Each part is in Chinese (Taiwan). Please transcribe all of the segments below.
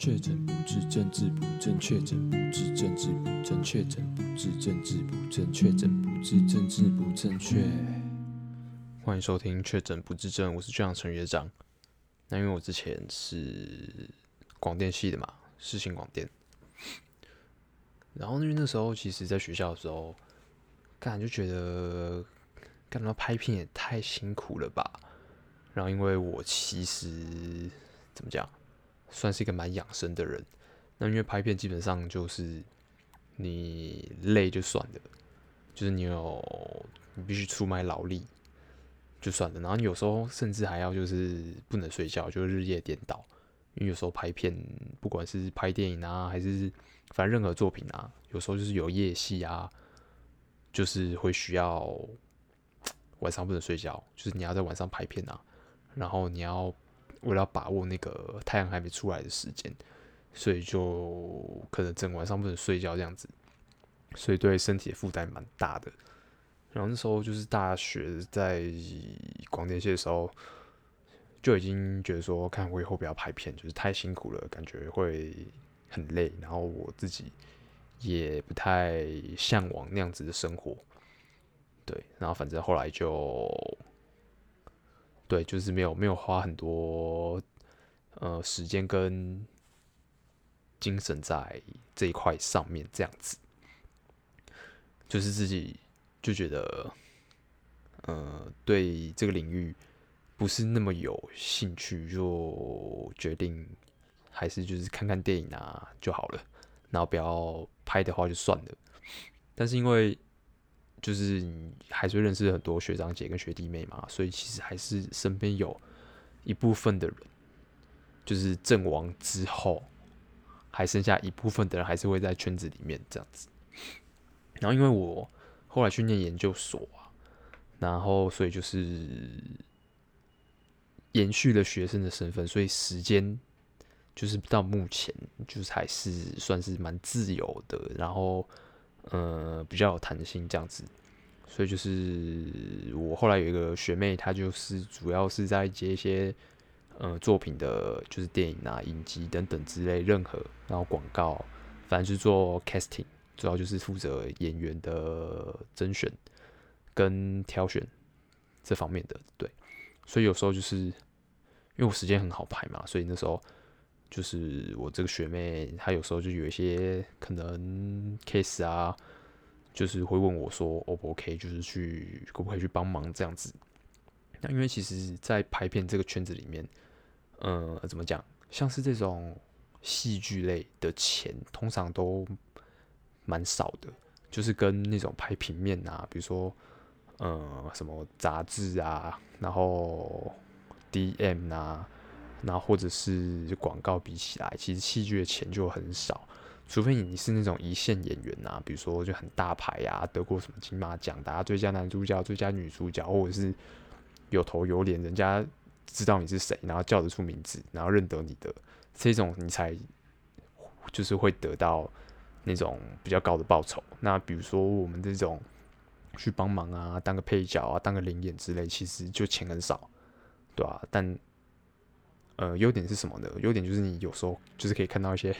確診不治，政治不正確；確診不治，政治不正確；確診不治，政治不正確；確診不治，政治不正確。歡迎收聽《確診不治症》，我是隊長陳學長。那因為我之前是廣電系的嘛，世新廣電。然後因為那時候，其實在學校的時候，幹就覺得幹嘛拍片也太辛苦了吧。然後因為我其實怎麼講？算是一個蠻養生的人，那因為拍片基本上就是你累就算了，就是你有你必須出賣勞力就算了，然後你有時候甚至還要就是不能睡覺，就是、日夜顛倒，因為有時候拍片不管是拍電影啊，還是反正任何作品啊，有時候就是有夜戲啊，就是會需要晚上不能睡覺，就是你要在晚上拍片啊，然後你要。為了把握那個太陽還沒出來的時間，所以就可能整晚上不能睡覺這樣子，所以對身體的負擔蠻大的。然後那時候就是大學在廣電系的時候，就已經覺得說，看我以後不要拍片，就是太辛苦了，感覺會很累。然後我自己也不太嚮往那樣子的生活。對，然後反正後來就。對，就是沒有沒有花很多呃時間跟精神在這一塊上面，這樣子。就是自己就覺得呃，對這個領域不是那麼有興趣，就決定還是就是看看電影啊就好了，然後不要拍的話就算了。但是因為就是你還是認識很多學長姐跟學弟妹嘛，所以其實還是身邊有一部分的人，就是陣亡之後，還剩下一部分的人還是會在圈子裡面這樣子。然後因為我後來去念研究所啊，然後所以就是延續了學生的身份，所以時間就是到目前就是還是算是蠻自由的，然後。呃、嗯，比較有彈性這樣子，所以就是我後來有一個學妹，她就是主要是在接一些呃、嗯、作品的，就是電影啊、影集、等等之類，任何然後廣告，反正是做 casting，主要就是負責演員的甄選跟挑選這方面的。對，所以有時候就是因為我時間很好排嘛，所以那時候。就是我這個學妹，她有時候就有一些可能 case 啊，就是會問我說 “O 不 OK”，就是去可不可以去幫忙這樣子。那因為其實，在拍片這個圈子裡面，呃、嗯，怎麼講？像是這種戲劇類的錢，通常都蠻少的，就是跟那種拍平面啊，比如說呃、嗯，什麼雜誌啊，然後 DM 啊。然後或者是廣告比起來，其實戲劇的錢就很少，除非你是那種一線演員啊，比如說就很大牌啊，得過什麼金馬獎、啊、大家最佳男主角、最佳女主角，或者是有頭有臉，人家知道你是誰，然後叫得出名字，然後認得你的這種，你才就是會得到那種比較高的報酬。那比如說我們這種去幫忙啊，當個配角啊，當個臨演之類，其實就錢很少，對吧、啊？但呃，優點是什麼呢？優點就是你有時候就是可以看到一些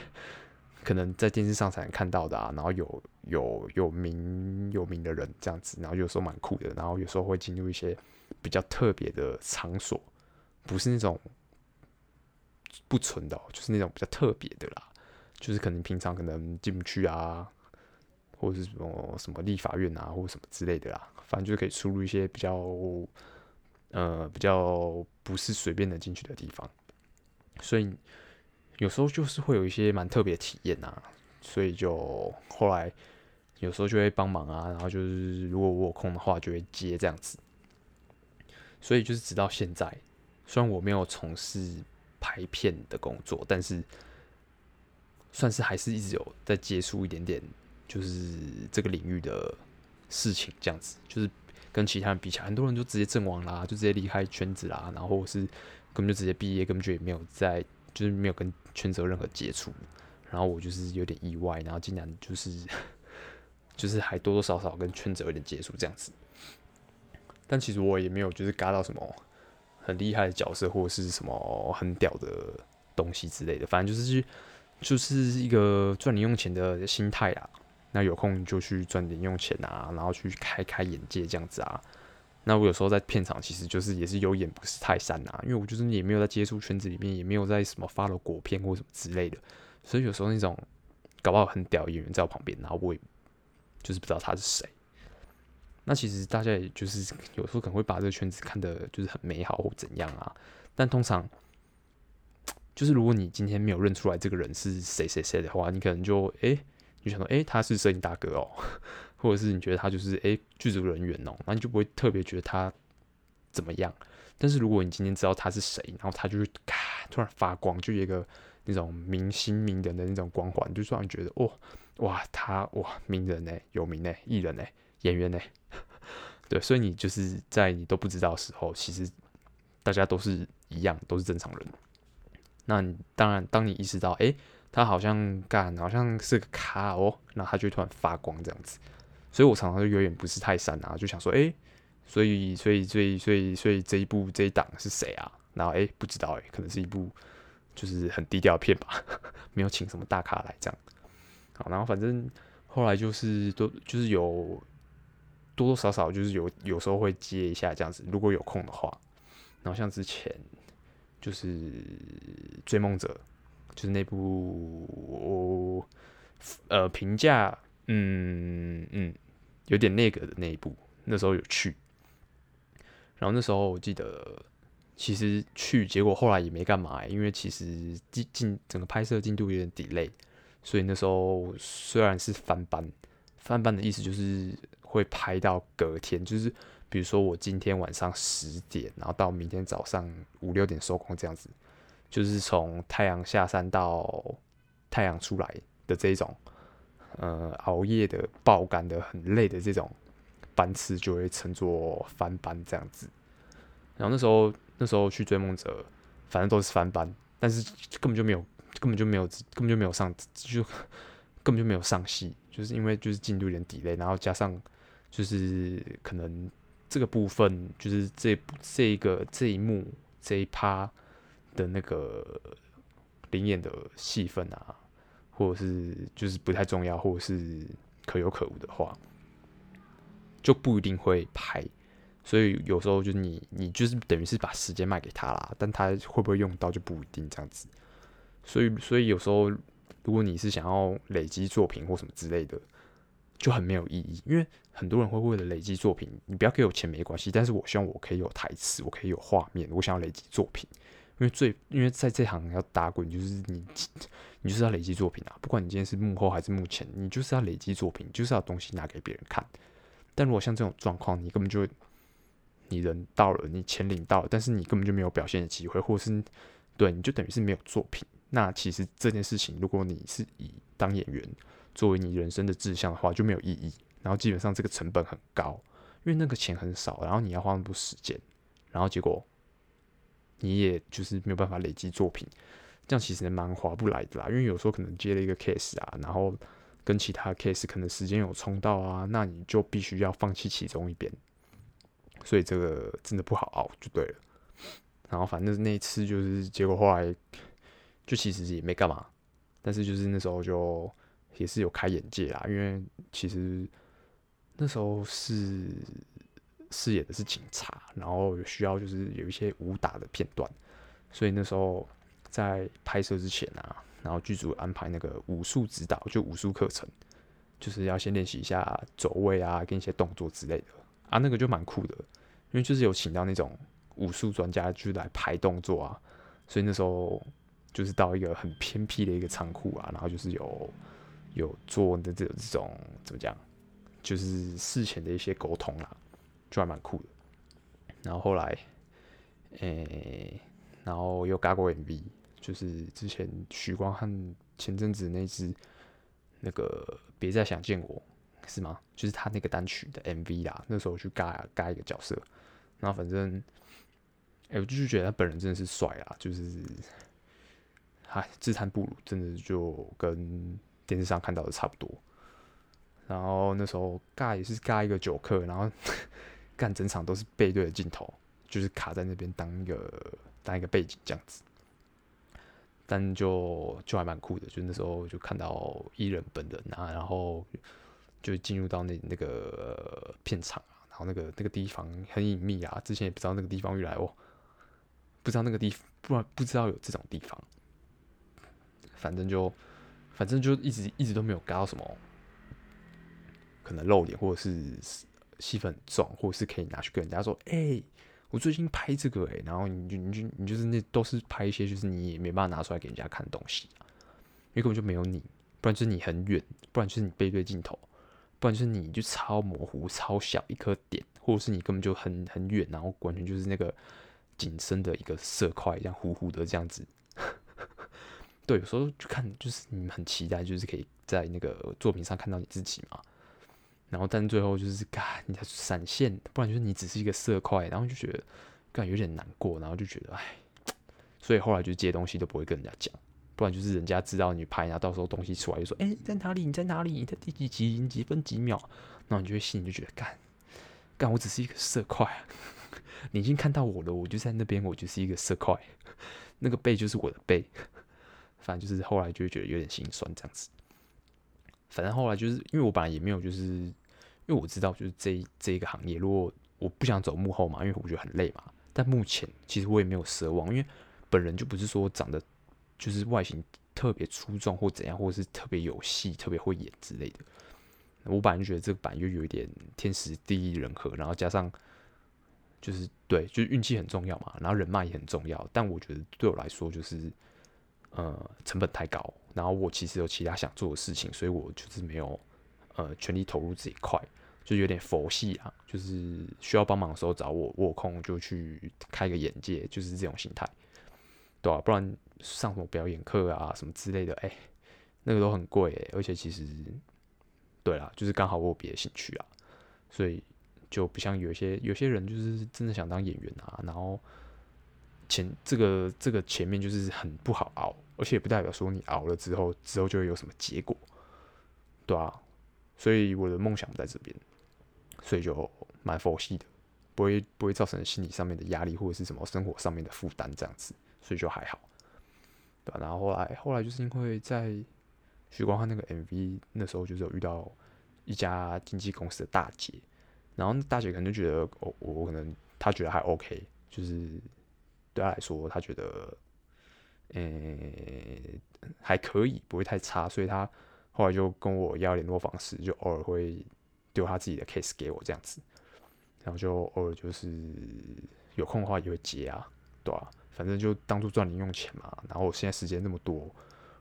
可能在電視上才能看到的啊，然後有有有名有名的人這樣子，然後有時候蠻酷的，然後有時候會進入一些比較特別的場所，不是那種不純的喔，就是那種比較特別的啦，就是可能平常可能進不去啊，或是什麼什麼立法院啊，或什麼之類的啦，反正就可以輸入一些比較呃比較不是隨便能進去的地方。所以有時候就是會有一些蠻特別的體驗啊，所以就後來有時候就會幫忙啊，然後就是如果我有空的話就會接這樣子。所以就是直到現在，雖然我沒有從事拍片的工作，但是算是還是一直有在接觸一點點就是這個領域的事情這樣子。就是跟其他人比起來，很多人就直接陣亡啦，就直接離開圈子啦，然後是。根本就直接畢業，根本就也沒有在，就是沒有跟圈子有任何接觸。然後我就是有點意外，然後竟然就是，就是還多多少少跟圈子有點接觸這樣子。但其實我也沒有就是嘎到什麼很厲害的角色，或者是什麼很屌的東西之類的。反正就是去，就是一個賺零用錢的心態啦。那有空就去賺零用錢啊，然後去開開眼界這樣子啊。那我有時候在片場其實就是也是有眼不識泰山啊，因為我就是也沒有在接觸圈子裡面，也沒有在什麼發了果片或什麼之類的，所以有時候那種搞不好很屌的演員在我旁邊，然後我也就是不知道他是誰。那其實大家也就是有時候可能會把這個圈子看得就是很美好或怎樣啊，但通常就是如果你今天沒有認出來這個人是誰誰誰的話，你可能就哎你就、欸、想到哎、欸、他是攝影大哥哦。或者是你覺得他就是哎、欸、劇組人員哦、喔，那你就不會特別覺得他怎麼樣。但是如果你今天知道他是誰，然後他就會突然發光，就有一個那種明星名人的那種光環，就突然覺得哦、喔、哇他哇名人呢、欸、有名呢、欸、藝人呢、欸、演員呢、欸。 對，所以你就是在你都不知道的時候，其實大家都是一樣，都是正常人。那你當然，當你意識到哎、欸、他好像幹好像是個咖哦、喔，那他就突然發光這樣子。所以，我常常就有點不識泰山啊，就想說，哎、欸，所以，所以，所以，所以，所以這一部這一檔是誰啊？然後，哎、欸，不知道、欸，可能是一部就是很低調的片吧， 沒有請什麼大咖來這樣。好，然後反正後來就是都就是有多多少少，就是有有時候會接一下這樣子，如果有空的話。然後，像之前就是《追夢者》，就是那部呃評價。嗯嗯，有點那個的那一步，那時候有去，然後那時候我記得，其實去結果後來也沒幹嘛，因為其實進進整個拍攝進度有點 delay，所以那時候雖然是翻班，翻班的意思就是會拍到隔天，就是比如說我今天晚上十點，然後到明天早上五六點收工這樣子，就是從太陽下山到太陽出來的這一種。呃，熬夜的、爆肝的、很累的這種班次，就會稱作翻班這樣子。然後那時候，那時候去追夢者，反正都是翻班，但是根本就沒有，根本就沒有，根本就沒有上，就根本就沒有上戲，就是因為就是進度有點 delay，然後加上就是可能這個部分就是這這個這一幕這一趴的那個靈驗的戲份啊。或者是就是不太重要，或者是可有可無的話，就不一定會拍。所以有時候就是你你就是等於是把時間賣給他啦，但他會不會用到就不一定。這樣子，所以所以有時候如果你是想要累積作品或什麼之類的，就很沒有意義。因為很多人會為了累積作品，你不要給我錢沒關係。但是我希望我可以有台詞，我可以有畫面，我想要累積作品。因為最因為在這行要打滾，就是你。 你就是要累積作品啊！不管你今天是幕後還是幕前，你就是要累積作品，你就是要東西拿給別人看。但如果像這種狀況，你根本就你人到了，你錢領到了，但是你根本就沒有表現的機會，或者是對，你就等於是沒有作品。那其實這件事情，如果你是以當演員作為你人生的志向的話，就沒有意義。然後基本上這個成本很高，因為那個錢很少，然後你要花那麼多時間，然後結果你也就是沒有辦法累積作品。這樣其實蠻划不來的啦，因為有時候可能接了一個 case 啊，然後跟其他 case 可能時間有衝到啊，那你就必須要放棄其中一邊，所以這個真的不好熬，就對了。然後反正那一次就是結果後來就其實也沒幹嘛，但是就是那時候就也是有開眼界啦，因為其實那時候是飾演的是警察，然後需要就是有一些武打的片段，所以那時候。在拍攝之前啊，然後劇組安排那個武術指導，就武術課程，就是要先練習一下走位啊，跟一些動作之類的啊，那個就蠻酷的，因為就是有請到那種武術專家就來拍動作啊，所以那時候就是到一個很偏僻的一個倉庫啊，然後就是有有做的這這種怎麼講，就是事前的一些溝通啦、啊，就還蠻酷的。然後後來，誒、欸，然後又嘎過 MV。就是之前許光漢前陣子那支那個別再想見我是嗎？就是他那個單曲的 MV 啦。那時候去尬尬一個角色，然後反正哎，欸、我就覺得他本人真的是帥啊！就是哎，自嘆不如，真的就跟電視上看到的差不多。然後那時候尬也是尬一個酒客，然後幹整場都是背對的鏡頭，就是卡在那邊當一個當一個背景這樣子。但就就還蠻酷的，就那時候就看到藝人本人啊，然後就進入到那那個片場啊，然後那個那個地方很隱秘啊，之前也不知道那個地方原來哦，不知道那個地不然不知道有這種地方，反正就反正就一直一直都沒有搞到什麼，可能露臉或者是戲份重，或者是可以拿去跟人家說哎。欸我最近拍這個哎、欸，然後你就你就你就是那都是拍一些，就是你也沒辦法拿出來給人家看的東西，因為根本就沒有你，不然就是你很遠，不然就是你背對鏡頭，不然就是你就超模糊，超小一顆點，或者是你根本就很很遠，然後完全就是那個景深的一個色塊，一樣糊糊的這樣子。 對，有時候就看，就是你很期待，就是可以在那個作品上看到你自己嘛。然後，但最後就是，幹，你才閃現，不然就是你只是一個色塊。然後就覺得，感覺有點難過。然後就覺得，哎，所以後來就接東西都不會跟人家講，不然就是人家知道你拍，然後到時候東西出來就說，哎、欸，在哪裡？你在哪裡？你在第幾集？你幾分幾秒？然後你就會心裡就覺得，幹，幹，我只是一個色塊， 你已經看到我了，我就在那邊，我就是一個色塊， 那個背就是我的背， 反正就是後來就覺得有點心酸這樣子。反正後來就是因為我本來也沒有就是。因為我知道，就是這一這一個行業，如果我不想走幕後嘛，因為我覺得很累嘛。但目前其實我也沒有奢望，因為本人就不是說長得就是外形特別出眾或怎樣，或者是特別有戲、特別會演之類的。我本人覺得這個版又有一點天時地利人和，然後加上就是對，就是運氣很重要嘛，然後人脈也很重要。但我覺得對我來說，就是呃成本太高，然後我其實有其他想做的事情，所以我就是沒有呃全力投入這一塊。就有點佛系啊，就是需要幫忙的時候找我，我有空就去開個眼界，就是這種心態，對吧、啊？不然上什麼表演課啊什麼之類的，哎、欸，那個都很貴、欸，而且其實，對啦，就是剛好我有別的興趣啊，所以就不像有些有些人就是真的想當演員啊，然後前這個這個前面就是很不好熬，而且也不代表說你熬了之後之後就會有什麼結果，對吧、啊？所以我的夢想在這邊。所以就蠻佛系的，不會不會造成心理上面的壓力或者是什麼生活上面的負擔這樣子，所以就還好，對吧、啊？然後後來後來就是因為在許光漢那個 MV 那時候就是有遇到一家經紀公司的大姐，然後大姐可能就覺得我我可能她覺得還 OK，就是對她來說她覺得，嗯、欸、還可以不會太差，所以她後來就跟我要聯絡方式，就偶爾會。丟他自己的 case 給我這樣子，然後就偶爾就是有空的話也會接啊，對啊，反正就當初賺零用錢嘛。然後我現在時間那麼多，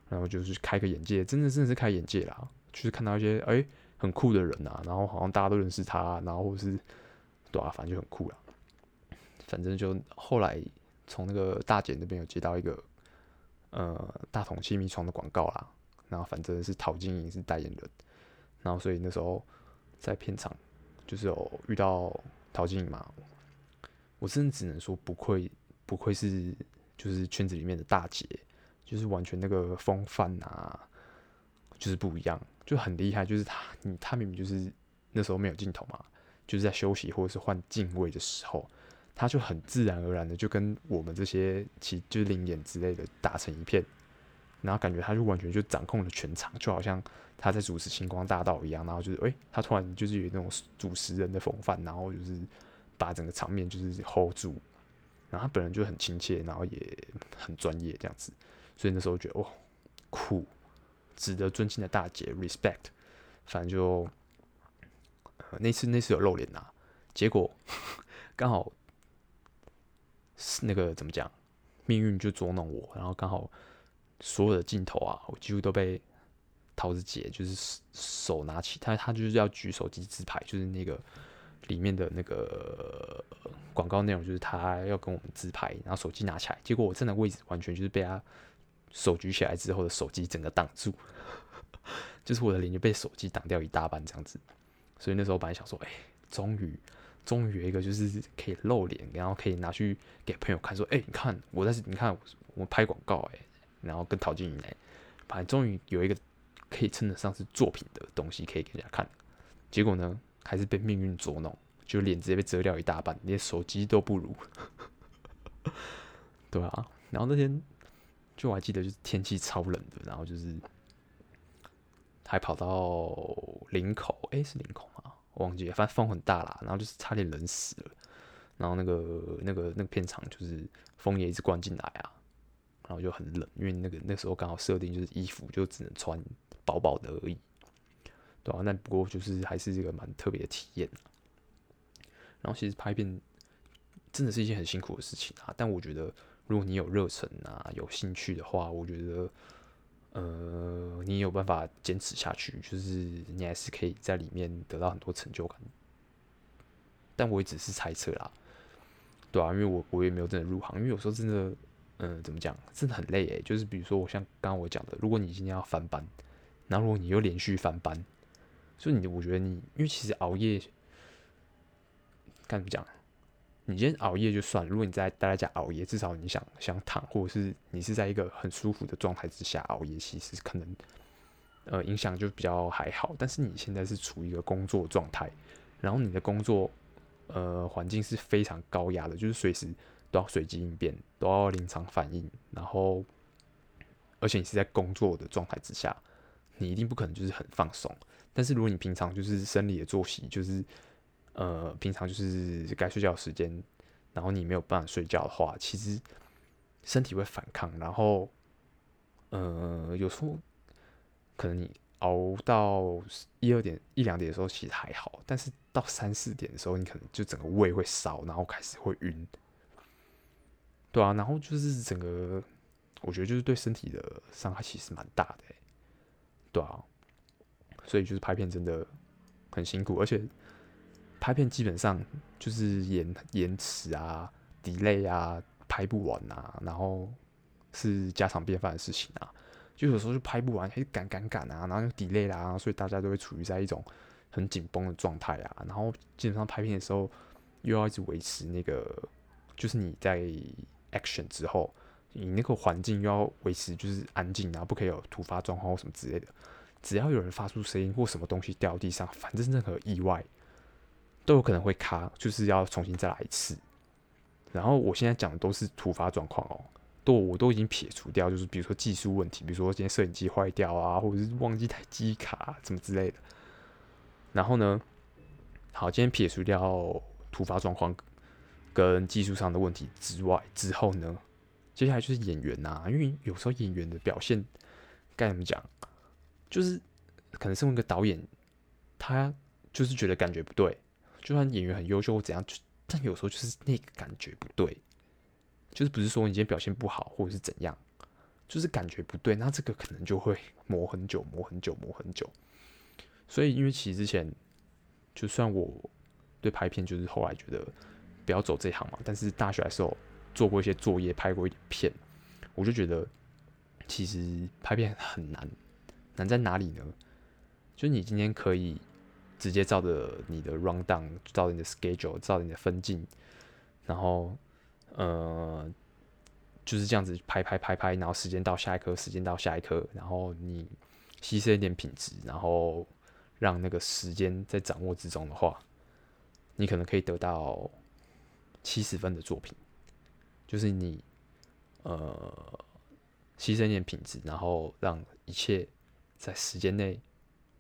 然後就是開個眼界，真的真的是開眼界啦，就是看到一些哎、欸、很酷的人啊，然後好像大家都認識他，然後或者是對啊，反正就很酷了。反正就後來從那個大姐那邊有接到一個呃大同氣密窗的廣告啦，然後反正是陶晶瑩是代言人，然後所以那時候。在片場，就是有遇到陶晶瑩嘛，我真的只能說不愧不愧是就是圈子裡面的大姐，就是完全那個風範啊，就是不一樣，就很厲害。就是她，你她明明就是那時候沒有鏡頭嘛，就是在休息或者是換鏡位的時候，她就很自然而然的就跟我們這些其就是臨演之類的打成一片。然後感覺他就完全就掌控了全場，就好像他在主持星光大道一樣，然後就是，哎、欸，他突然就是有那種主持人的風範，然後就是把整個場面就是 hold 住。然後他本人就很親切，然後也很專業這樣子。所以那時候覺得，哇，酷，值得尊敬的大姐，respect。反正就、呃、那次那次有露臉吶、啊，結果呵呵剛好是那個怎麼講，命運就捉弄我，然後剛好。所有的鏡頭啊，我幾乎都被桃子姐就是手拿起，她她就是要舉手機自拍，就是那個裡面的那個廣告內容，就是她要跟我們自拍，然後手機拿起來，結果我站的位置完全就是被她手舉起來之後的手機整個擋住， 就是我的臉就被手機擋掉一大半這樣子。所以那時候我本來想說，哎、欸，終於終於有一個就是可以露臉，然後可以拿去給朋友看，說，哎、欸，你看我在，你看我我拍廣告、欸，哎。然後跟陶晶瑩來，反正終於有一個可以稱得上是作品的東西可以給人家看。結果呢，還是被命運捉弄，就臉直接被遮掉一大半，連手機都不如。 對啊，然後那天就我還記得，就是天氣超冷的，然後就是還跑到林口，誒，是林口嗎？我忘記了，反正風很大啦。然後就是差點冷死了。然後那個那個那個片場就是風也一直灌進來啊。然後就很冷，因為那個那時候剛好設定就是衣服就只能穿薄薄的而已，對啊，那不過就是還是一個蠻特別的體驗。然後其實拍片真的是一件很辛苦的事情啊，但我覺得如果你有熱忱啊、有興趣的話，我覺得呃你有辦法堅持下去，就是你還是可以在裡面得到很多成就感。但我也只是猜測啦，對啊，因為我我也沒有真的入行，因為有時候真的。嗯、呃，怎麼講？真的很累哎。就是比如說，我像剛剛我講的，如果你今天要翻班，然後如果你又連續翻班，所以你，我覺得你，因為其實熬夜，該怎麼講？你今天熬夜就算了，如果你在待在家熬夜，至少你想想躺，或者是你是在一個很舒服的狀態之下熬夜，其實可能呃影響就比較還好。但是你現在是處於一個工作狀態，然後你的工作呃環境是非常高壓的，就是隨時都要隨機應變。都要臨場反應，然後，而且你是在工作的狀態之下，你一定不可能就是很放鬆。但是如果你平常就是生理的作息，就是呃平常就是該睡覺的時間，然後你沒有辦法睡覺的話，其實身體會反抗。然後，呃，有時候可能你熬到一二點一兩點的時候其實還好，但是到三四點的時候，你可能就整個胃會燒，然後開始會暈。對啊，然後就是整個，我覺得就是對身體的傷害其實蠻大的欸，對啊，所以就是拍片真的很辛苦，而且拍片基本上就是延延遲啊、delay 啊、拍不完啊，然後是家常便飯的事情啊，就有時候就拍不完，就趕趕趕啊，然後就 delay 啦、啊，所以大家都會處於在一種很緊繃的狀態啊，然後基本上拍片的時候又要一直維持那個，就是你在。action 之後，你那個環境又要維持就是安靜，然後不可以有突發狀況或什麼之類的。只要有人發出聲音或什麼東西掉地上，反正任何意外都有可能會卡，就是要重新再來一次。然後我現在講的都是突發狀況哦，都我都已經撇除掉，就是比如說技術問題，比如說今天攝影機壞掉啊，或者是忘記帶記憶卡啊，什麼之類的。然後呢，好，今天撇除掉突發狀況。跟技術上的問題之外，之後呢，接下來就是演員吶、啊。因為有時候演員的表現該怎麼講，就是可能身為一個導演他就是覺得感覺不對，就算演員很優秀或怎樣，就，但有時候就是那個感覺不對，就是不是說你今天表現不好或者是怎樣，就是感覺不對。那這個可能就會磨很久，磨很久，磨很久。所以因為其實之前，就算我對拍片，就是後來覺得。不要走這一行嘛。但是大學的時候做過一些作業，拍過一點片，我就覺得其實拍片很難。難在哪裡呢？就是你今天可以直接照着你的 rundown，照着你的 schedule，照着你的分鏡，然後呃就是這樣子拍拍拍拍，然後時間到下一刻，時間到下一刻，然後你犧牲一點品質，然後讓那個時間在掌握之中的話，你可能可以得到。七十分的作品，就是你呃犧牲一點品質，然後讓一切在時間內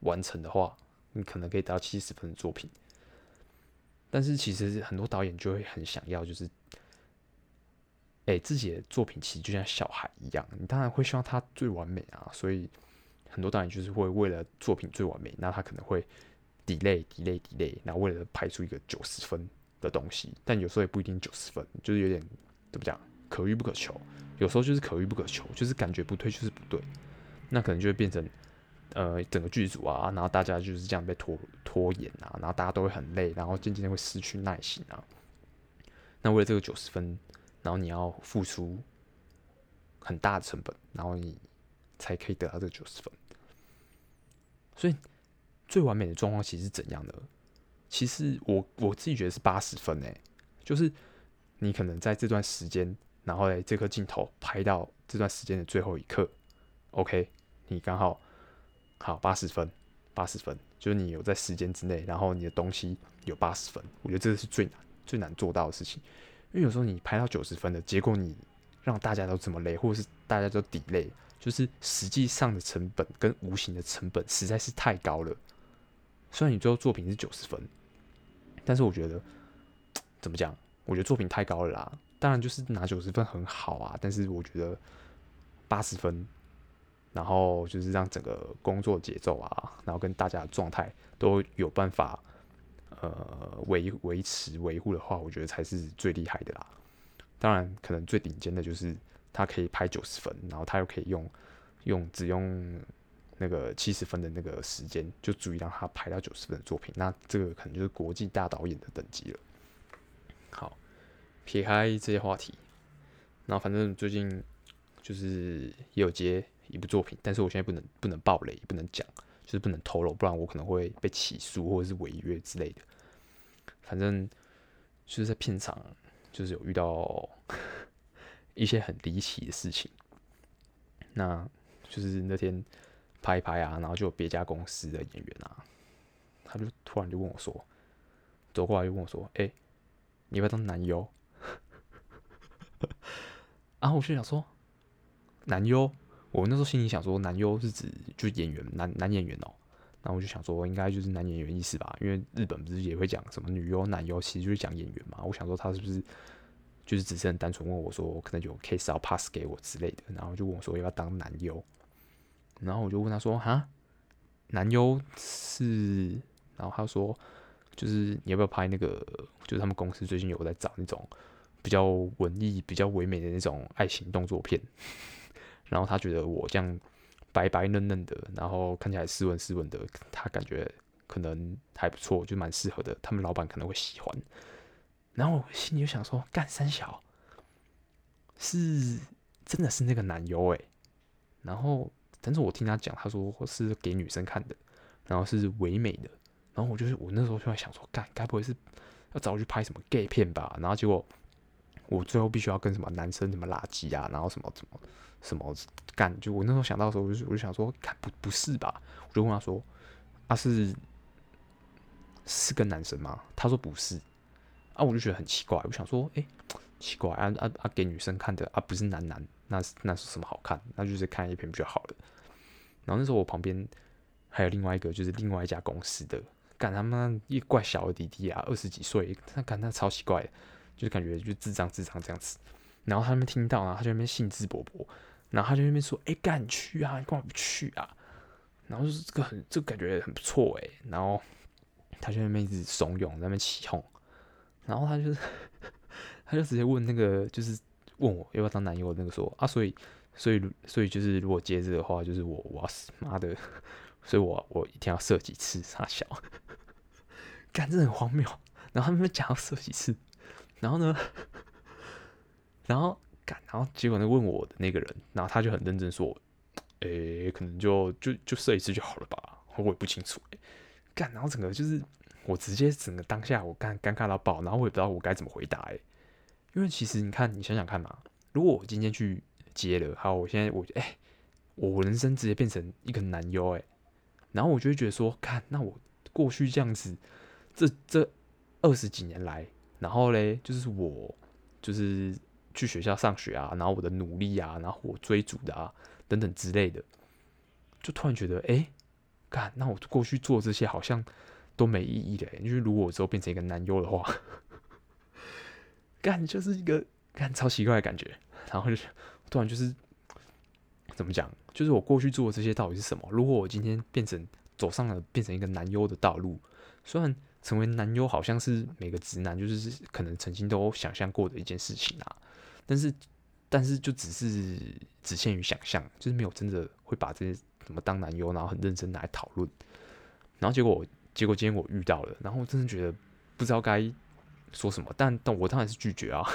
完成的話，你可能可以達到七十分的作品。但是其實很多導演就會很想要，就是哎、欸、自己的作品其實就像小孩一樣，你當然會希望他最完美啊。所以很多導演就是會為了作品最完美，那他可能會 delay delay delay，然後為了拍出一個九十分。的東西，但有時候也不一定九十分，就是有點怎麼講，可遇不可求。有時候就是可遇不可求，就是感覺不對，就是不對。那可能就會變成呃整個劇組啊，然後大家就是這樣被拖拖延啊，然後大家都會很累，然後漸漸的會失去耐心啊。那為了這個九十分，然後你要付出很大的成本，然後你才可以得到這個九十分。所以最完美的狀況其實是怎樣的？其實我我自己覺得是八十分誒，就是你可能在這段時間，然後在這顆鏡頭拍到這段時間的最後一刻，OK，你剛好好八十分，八十分，就是你有在時間之內，然後你的東西有八十分，我覺得這個是最難最難做到的事情，因為有時候你拍到九十分的，結果你讓大家都這麼累，或者是大家都 delay，就是實際上的成本跟無形的成本實在是太高了，雖然你最後作品是九十分。但是我覺得，怎麼講？我覺得作品太高了啦。當然，就是拿九十分很好啊。但是我覺得八十分，然後就是讓整個工作節奏啊，然後跟大家的狀態都有辦法呃維維持維護的話，我覺得才是最厲害的啦。當然，可能最頂尖的就是他可以拍九十分，然後他又可以用用只用。那個七十分的那個時間，就足以讓他拍到九十分的作品。那這個可能就是國際大導演的等級了。好，撇開這些話題，那反正最近就是也有接一部作品，但是我現在不能不能爆雷，也不能講，就是不能透露，不然我可能會被起訴或者是違約之類的。反正就是在片場就是有遇到 一些很離奇的事情，那就是那天，拍一拍啊，然後就有別家公司的演員啊，他就突然就問我說：“走過來就問我說，哎、欸，你要不要當男優？”然 後、啊、我就想說，男優，我那時候心裡想說，男優是指就演員男男演員哦、喔。然後我就想說，應該就是男演員意思吧，因為日本不是也會講什麼女優、男優，其實就是講演員嘛。我想說他是不是就是只是很單純問我說，可能有 case 要 pass 給我之類的，然後就問我說要不要當男優。然後我就問他說：“哈，男優是？”然後他說：“就是你要不要拍那個？就是他們公司最近有在找那種比較文藝、比較唯美的那種愛情動作片。”然後他覺得我這樣白白嫩嫩的，然後看起來斯文斯文的，他感覺可能還不錯，就蠻適合的。他們老闆可能會喜歡。然後我心裡就想說：“幹三小是真的是那個男優欸？”然後。但是我聽他講，他說是給女生看的，然後是唯美的，然後我就是我那時候就在想說，幹該不會是要找我去拍什麼 gay 片吧？然後結果我最後必須要跟什麼男生什麼垃圾啊，然後什麼什麼什麼幹，就我那時候想到的時候，我就我就想說，看不不是吧？我就問他說，他、啊、是是跟男生嗎？他說不是，啊，我就覺得很奇怪，我想說，哎，奇怪啊啊啊，給女生看的啊，不是男男。那那是什麼好看？那就是看一篇比較好的。然後那時候我旁邊還有另外一個，就是另外一家公司的，幹他媽一怪小弟弟啊，二十幾歲，那幹他超奇怪，就是感覺就智障智障這樣子。然後他那邊聽到，然後他就那邊興致勃勃，然後他就那邊說：“哎，幹你去啊，你幹嘛不去啊？”然後就是這個很，這個感覺很不錯誒、欸。然後他就那邊一直慫恿，在那邊起哄。然後他就他就直接問那個，就是。問我要不要當男優。那個說啊，所以，所以，所以就是如果接著的話，就是我我要死媽的，所以我我一天要射幾次傻笑，幹真的很荒謬。然後他們講要射幾次，然後呢，然後幹，然後結果那問我的那個人，然後他就很認真說，誒、欸，可能就就就射一次就好了吧，我也不清楚、欸。幹，然後整個就是我直接整個當下我尷尷尬到爆，然後我也不知道我該怎麼回答、欸，哎。因為其實你看，你想想看嘛，如果我今天去接了，好，我現在我哎、欸，我人生直接變成一個男優哎、欸，然後我就會覺得說，看那我過去這樣子，這這二十幾年來，然後嘞，就是我就是去學校上學啊，然後我的努力啊，然後我追逐的啊等等之類的，就突然覺得，哎、欸，看那我過去做這些好像都沒意義的、欸。因為如果我之後變成一個男優的話。幹就是一個幹超奇怪的感覺，然後就是突然就是怎麼講，就是我過去做的這些到底是什麼？如果我今天變成走上了變成一個男優的道路，雖然成為男優好像是每個直男就是可能曾經都想象過的一件事情啊，但是但是就只是只限於想象，就是沒有真的會把這些什麼當男優，然後很認真來討論。然後結果結果今天我遇到了，然後我真的覺得不知道該。說什麼？但但我當然是拒絕啊！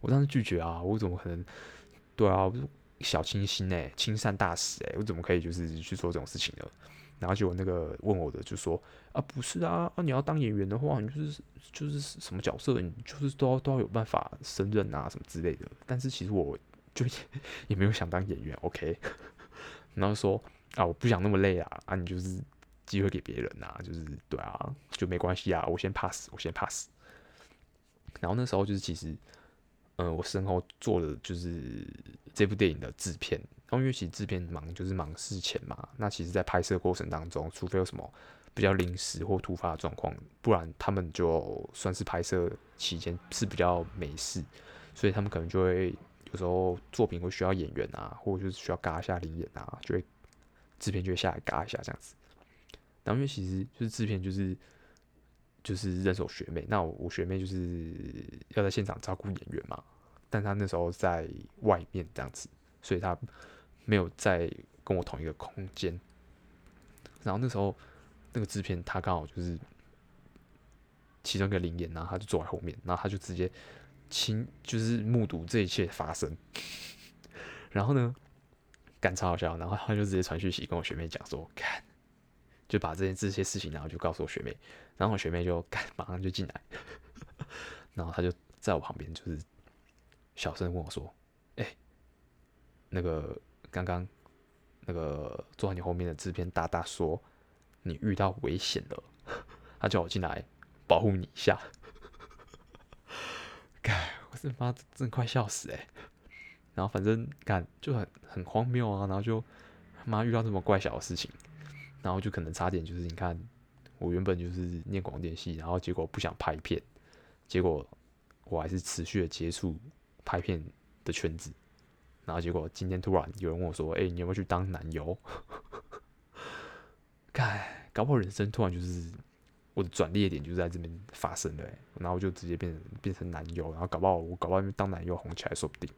我當然是拒絕啊！我怎麼可能對啊？小清新哎、欸，親善大使誒、欸，我怎麼可以就是去做這種事情呢？然後就有那個問我的，就說啊，不是啊啊，你要當演員的話，你就是就是什麼角色，你就是都要都要有辦法勝任啊，什麼之類的。但是其實我就也，也沒有想當演員，OK？然後說啊，我不想那麼累啊，啊，你就是機會給別人啊，就是對啊，就沒關係啊，我先 pass，我先 pass。然後那時候就是其實，嗯、呃，我身後做的就是這部電影的制片，然、哦、後因為其實制片忙就是忙事前嘛，那其實，在拍攝過程當中，除非有什麼比較臨時或突發的狀況，不然他們就算是拍攝期間是比較沒事，所以他們可能就會有時候作品會需要演員啊，或者就是需要嘎一下臨演啊，就會制片就會下來嘎一下這樣子。然後因為其實就是制片就是。就是認識我學妹，那我，我學妹就是要在現場照顧演員嘛，但她那時候在外面這樣子，所以她沒有在跟我同一個空間。然後那時候那個制片他剛好就是其中一個臨演，然後他就坐在後面，然後他就直接親就是目睹這一切發生。 然後呢，幹超好笑，然後他就直接傳訊息跟我學妹講說：“看。”就把這些這些事情，然後就告訴我學妹，然後我學妹就趕馬上就進來， 然後他就在我旁邊，就是小聲問我說：“哎、欸，那個剛剛那個坐在你後面的製片大大說你遇到危險了， 他叫我進來保護你一下。 ”我這媽真,的真的快笑死哎、欸！然後反正感就很很荒謬啊，然後就他媽遇到這麼怪小的事情。然後就可能差點，就是你看，我原本就是念廣電系，然後結果不想拍片，結果我還是持續的接觸拍片的圈子，然後結果今天突然有人問我說：“哎、欸，你有沒有去當男優？”哎， 搞不好人生突然就是我的轉捩點，就在這邊發生了、欸，然後就直接變成變成男優，然後搞不好我搞不好當男優紅起來，說不定，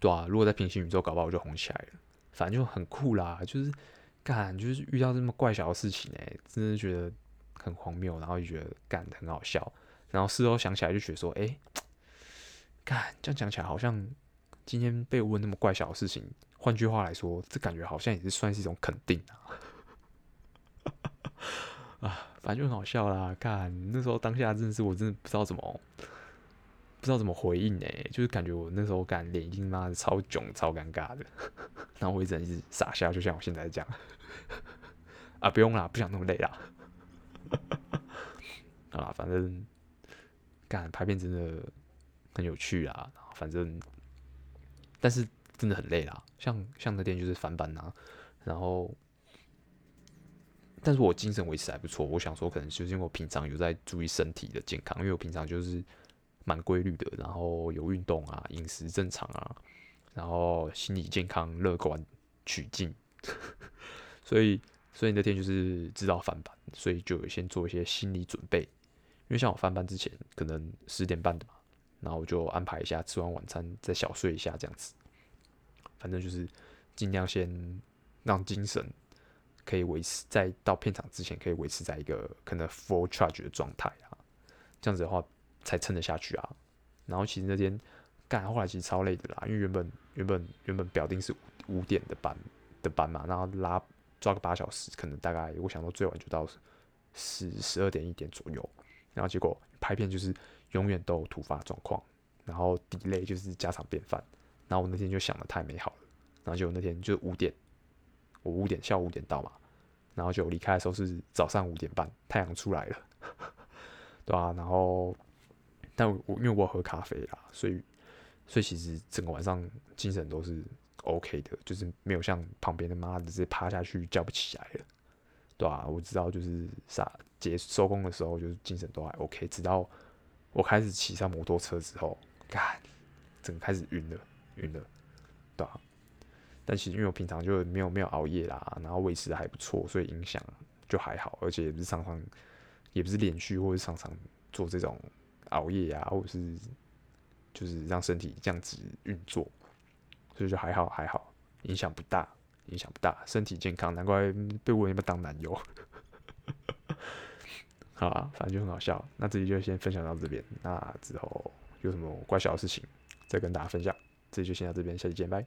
對啊，如果在平行宇宙，搞不好我就紅起來了，反正就很酷啦，就是。幹，就是遇到這麼怪小的事情哎，真的覺得很荒謬，然後就覺得幹很好笑，然後事後想起來就覺得說，哎、欸，幹這樣講起來好像今天被問那麼怪小的事情，換句話來說，這感覺好像也是算是一種肯定啊， 啊，反正就很好笑啦。幹那時候當下真的是，我真的不知道怎麼。不知道怎麼回應呢、欸，就是感覺我那時候幹，臉已經媽的超囧、超尷尬的， 然後我一整一直傻笑，就像我現在這樣 啊，不用啦，不想那麼累啦。 啊，反正幹拍片真的很有趣啊，反正但是真的很累啦。像像那天就是翻班啊，然後但是我精神維持還不錯。我想說，可能就是因為我平常有在注意身體的健康，因為我平常就是。蠻規律的，然後有運動啊，飲食正常啊，然後心理健康樂觀取靜， 所以所以那天就是知道翻班，所以就先做一些心理準備。因為像我翻班之前，可能十點半的嘛，然後我就安排一下吃完晚餐再小睡一下這樣子，反正就是盡量先讓精神可以維持在，在到片場之前可以維持在一個可能 full charge 的狀態啊，這樣子的話，才撐得下去啊！然後其實那天幹，後來其實超累的啦，因為原本原本原本表定是五點的班的班嘛，然後拉抓個八小時，可能大概我想說最晚就到十十二點一點左右。然後結果拍片就是永遠都有突發狀況，然後 delay 就是家常便飯。然後我那天就想的太美好了，然後結果那天就五點，我五點下午五點到嘛，然後就離開的時候是早上五點半，太陽出來了， 對啊，然後。但我因為我喝咖啡啦，所以所以其實整個晚上精神都是 OK 的，就是沒有像旁邊的媽直接趴下去叫不起來了，對啊，我知道就是啥，結，收工的時候就是精神都還 OK，直到我開始騎上摩托車之後，幹，整個開始暈了，暈了，對啊。但其實因為我平常就沒有沒有熬夜啦，然後維持的還不錯，所以影響就還好，而且也不是常常也不是連續或者常常做這種。熬夜啊，或者是就是讓身體這樣子運作，所以就還好還好，影響不大，影響不大，身體健康，難怪被問要不要當男優。好啊，反正就很好笑，那這期就先分享到這邊，那之後有什麼怪小的事情再跟大家分享，這就先到這邊，下期見，拜。